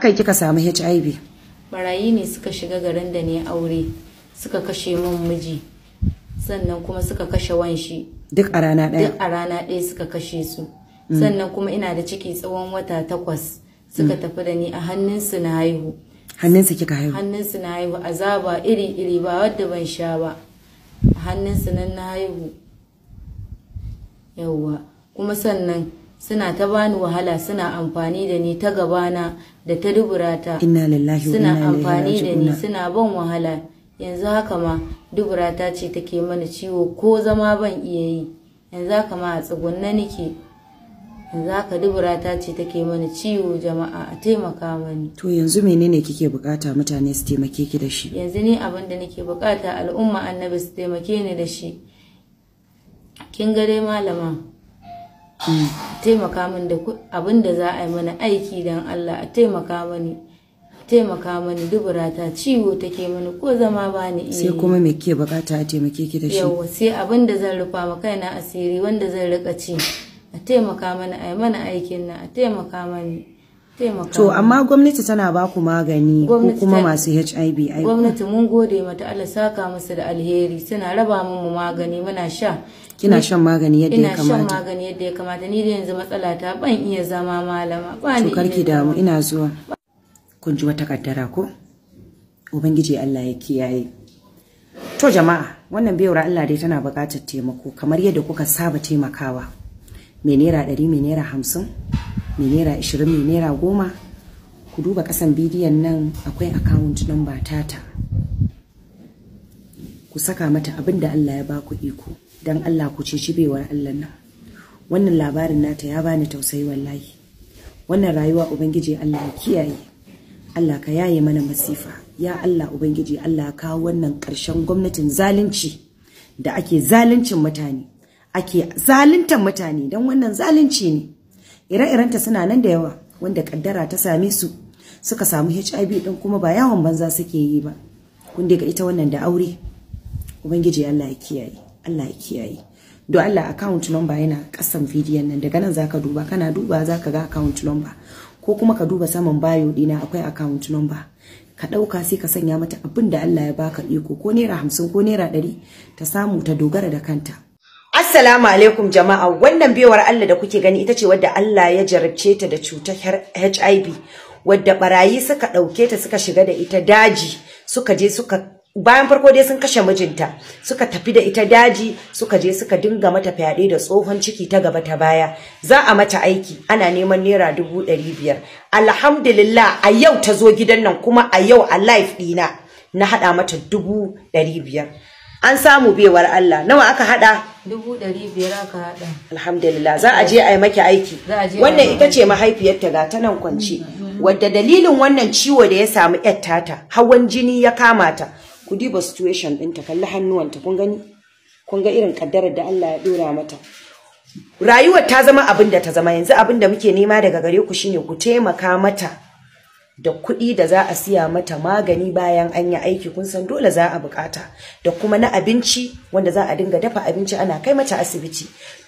kai kika samu HIV barayi ne suka shiga garin da ne aure suka kashe mun miji sannan kuma suka kashe wanshi duk a rana ɗaya duk a rana ɗaya suka kashe su sannan kuma ina da ciki tsawon wata takwas suka mm. tafi da ni a hannunsu na haihu hannunsu kika haihu hannunsu na haihu azaba iri iri ba wadda ban sha ba hannunsu nan na haihu yawwa kuma sannan suna ta bani wahala suna amfani da ni ta gabana da ta duburata suna amfani da ni suna ban wahala yanzu haka ma duburata ce take mana ciwo ko zama ban iya yi yanzu haka ma a tsugunna nake yanzu haka duburata ce take mana ciwo jama'a a taimaka mani to yanzu menene kike bukata mutane su taimake ki da shi yanzu ne abin da nake bukata al'umma annabi su taimake ni da shi kin ga dai malama taimaka min da abin da za a yi mana aiki don Allah a taimaka mani taimaka mani dubura ta ciwo take mani ko zama ba ni sai kuma me ke bukata a taimake ki da shi yawa sai abin da zan rufa ma kaina asiri wanda zan rika ci a taimaka mani, a yi mana aikin nan a taimaka mani to amma gwamnati tana ba ku magani ko kuma masu HIV gwamnati mun gode mata Allah saka musu da alheri suna raba mu magani muna sha kina shan magani yadda ya kamata ina shan magani yadda ya kamata ni da yanzu matsala ta ban iya zama malama ba ni karki damu ina zuwa kun ji wata kaddara ko ubangiji Allah ya kiyaye to jama'a wannan bayar Allah dai tana buƙatar taimako kamar yadda kuka saba taimakawa me naira 100 me naira 50 mai naira 20 mai naira 10 ku duba kasan bidiyon nan akwai account number tata ku saka mata abin da Allah ya baku iko dan Allah ku ci baiwar Allah nan wannan labarin nata ya bani tausayi wallahi wannan rayuwa ubangiji Allah ya kiyaye Allah ka yaye mana masifa ya Allah ubangiji Allah ya kawo wannan karshen gwamnatin zalunci da ake zaluncin mutane ake zaluntar mutane don wannan zalunci ne ire-irenta suna nan da yawa wanda kaddara ta same su suka samu HIV din kuma ba yawon banza suke yi ba kun ga ita wannan da aure ubangiji Allah ya kiyaye Allah ya kiyaye do Allah account number yana kasan bidiyon nan daga nan zaka duba kana duba zaka ga account number ko kuma ka duba saman bayo dina akwai account number ka dauka sai ka sanya mata abin da Allah ya baka iko ko naira hamsin ko naira ɗari ta samu ta dogara da kanta Assalamu alaikum jama'a wannan bewar Allah da kuke gani ita ce wadda Allah ya jarabce ta da cutar HIV wadda barayi suka dauke ta suka shiga da ita daji suka je suka bayan farko dai sun kashe mijinta suka tafi da ita daji suka je suka dinga mata fyaɗe da tsohon ciki ta gaba ta baya za a mata aiki ana neman naira dubu ɗari biyar alhamdulillah a yau ta zo gidan nan kuma a yau a life ɗina na haɗa mata dubu ɗari biyar an samu bewar Allah nawa aka haɗa dubu ɗari biyar aka haɗa. Alhamdulillah za a je a yi maki aiki. Wannan ita ce mahaifiyarta ga ta nan kwance. Mm, mm, mm. Wadda dalilin wannan ciwo da ya samu ‘yar tata hawan jini ya kama ta. Ku diba situation ɗinta kalli hannuwanta kun gani? Kun ga irin ƙaddarar da Allah ya ɗora mata. Rayuwar ta zama abin da ta zama yanzu abin da muke nema daga gare ku shine ku taimaka mata da kuɗi da za a siya mata magani bayan an yi aiki kun san dole za a bukata da kuma na abinci wanda za a dinga dafa abinci ana kai mata asibiti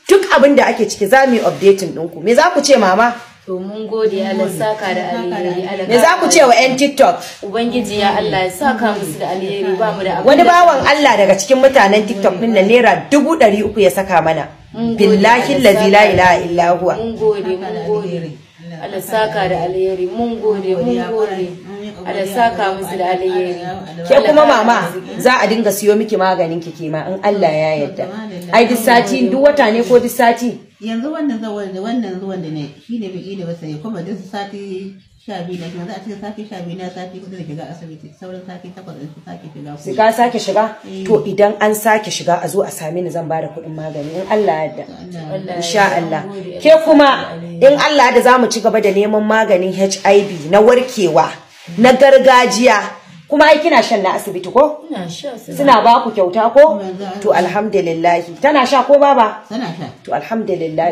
duk abin da ake ciki za mu yi updating ɗinku me za ku ce mama to mun gode Allah saka da alheri me za ku ce wa yan TikTok ubangiji ya Allah saka musu da alheri ba mu da wani bawan Allah daga cikin mutanen TikTok din na naira dubu ɗari uku ya saka mana billahi la ilaha illa huwa mun gode mun gode Allah saka da alheri mun gode mun gode alasaka musu da alheri ke kuma mama za a dinga siyo miki maganin ki kima in Allah ya yarda ai duk sati duk wata ne ko duk sati yanzu wannan zuwan da wannan zuwan da ne shine bai yi da ba sai kuma duk sati sha biyu na kuma za a cika sati sha biyu na sati kudu da shiga asibiti sauran sati takwas da sake shiga kuma ka sake shiga eh. to idan an sake shiga a zo a same ni zan bada kuɗin magani in Allah ya yarda insha Allah ke kuma in Allah da za mu ci gaba da neman maganin HIV na warkewa na gargajiya kuma ai kina shan na asibiti ko? Suna ba ku kyauta ko? To alhamdulillah. Tana sha ko baba? Tana sha. To alhamdulillah.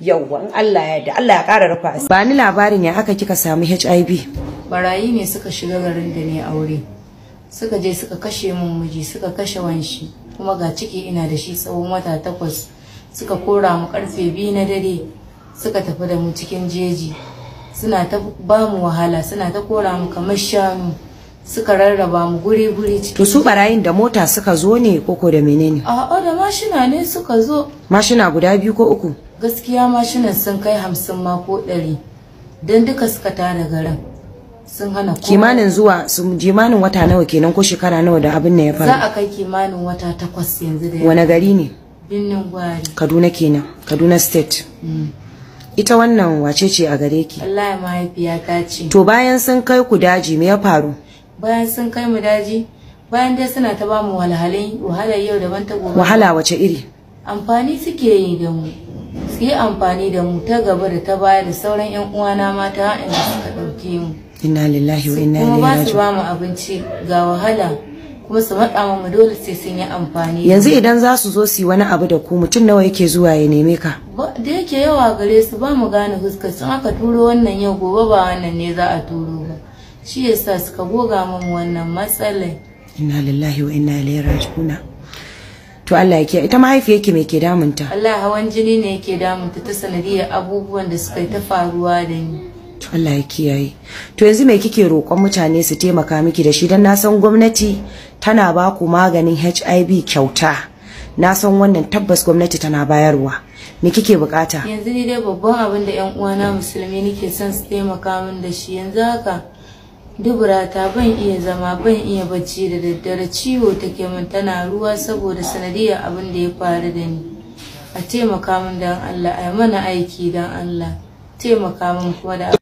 yawa in Allah ya yarda Allah ya kara rufa asiri. Ba ni labarin ya haka kika samu HIV. Barayi ne suka shiga garin da ne aure. Suka je suka kashe mun miji suka kashe wanshi kuma ga ciki ina da shi tsawon wata takwas suka kora mu karfe biyu na dare suka tafi da mu cikin jeji suna ta ba mu wahala suna ta kora mu kamar shanu suka rarraba mu guri guri to su barayin da mota suka zo ne koko da menene a'a da mashina ne suka zo mashina guda biyu ko uku gaskiya mashinan sun kai hamsin ma ko ɗari don duka suka tara garin sun hana kimanin zuwa kimanin wata nawa kenan ko shekara nawa da abin nan ya faru za a kai kimanin wata takwas yanzu da wani gari ne binnin gwari kaduna kenan kaduna state mm. ita wannan wace ce a gare ki wallahi mahaifiyata ce to bayan sun kai ku daji me ya faru bayan sun kai mu daji bayan dai suna ta bamu walhalai wahalar yau daban ta gobe wahala wace iri amfani suke yi da mu su yi amfani da mu ta gaba da ta baya da sauran yan uwana mata inda suka ɗauke mu inna lillahi wa inna ilaihi raji'un kuma ba su bamu abinci ga wahala kuma su matsa mu dole sai sun yi amfani yanzu idan za su zo su wani abu da ku mutum nawa yake zuwa ya neme ka da yake yawa gare su ba mu gane fuska sun aka turo wannan yau gobe ba wannan ne za a turo ba shi ya sa suka goga mu wannan matsalai inna lillahi wa inna ilaihi raji'una to Allah yake ita mahaifiyar ki me ke damunta Allah hawan jini ne yake damunta ta sanadiyar abubuwan da suka yi ta faruwa da ni to Allah ya kiyaye to yanzu me kike roƙon mutane su taimaka miki da shi dan na san gwamnati tana ba ku maganin HIV kyauta na san wannan tabbas gwamnati tana bayarwa me kike bukata yanzu ni dai babban abin da yan uwana musulmi nake son su taimaka min da shi yanzu haka dubura ban iya zama ban iya bacci da daddare ciwo take min tana ruwa saboda sanadiyar abin da ya faru da ni a taimaka min dan Allah a mana aiki dan Allah taimaka min kuma da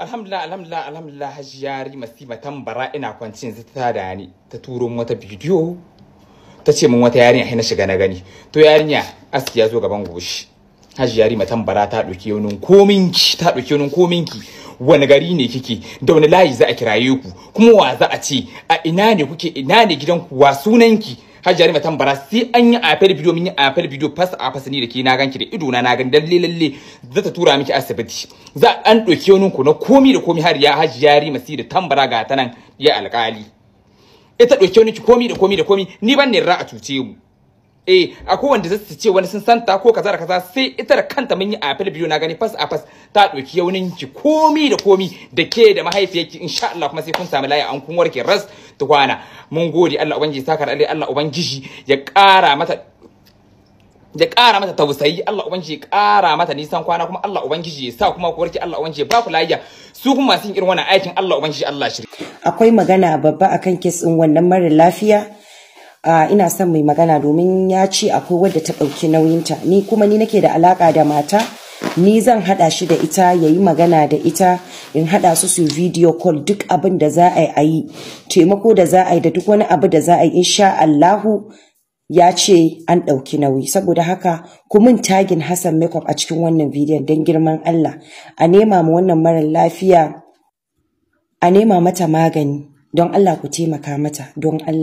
alhamdulillah alhamdulillah alhamdulillah hajiyari masima tambara ina kwanci yanzu ta da ni ta turo min wata bidiyo ta ce min wata yarinya na shiga na gani to yarinya aski ya zo gaban goshi hajiyari tambara ta ɗauki yaunin kominki ta ɗauki yaunin kominki wani gari ne kike da wani layi za a kiraye ku kuma wa za a ce a ina ne kuke ina ne gidanku wa sunanki hajjari matan bara sai an yi afel bidiyo mun yi afel bidiyo fas a ni da ke na ganki da ido na na gan dalle lalle za ta tura miki asibiti za an doke wani ku na komi da komi har ya hajjari masi da tambara ga ta nan ya alƙali ita doke wani ki komi da komi da komi ni ban ne a cuce mu eh akwai wanda zai su ce wani sun santa ko kaza da kaza sai ita da kanta mun yi a fil biyu na gani fas a fas ta dauki yaunin ki komi da komi da ke da mahaifiyarki insha Allah kuma sai kun samu laya an kun warke ras tukwana mun gode Allah ubangiji saka da Allah ubangiji ya kara mata ya kara mata tausayi Allah ubangiji kara mata nisan kwana kuma Allah ubangiji ya sa kuma ku warke Allah ubangiji ba ku lafiya su kuma sun irin wannan aikin Allah ubangiji Allah shirki akwai magana babba akan kes din wannan mara lafiya Ah, ina son mai magana domin ya ce akwai wadda ta ɗauki nauyinta ni kuma ni nake da alaka da mata ni zan hada shi da ita ya yi magana da ita in hada su su video call duk abin da za a yi taimako da za a yi da duk wani abu da za a yi insha Allahu ya ce an ɗauki nauyi saboda haka kumin tagin Hassan makeup a cikin wannan bidiyon don girman Allah a nema ma wannan marar lafiya a nema mata magani don Allah ku taimaka mata don Allah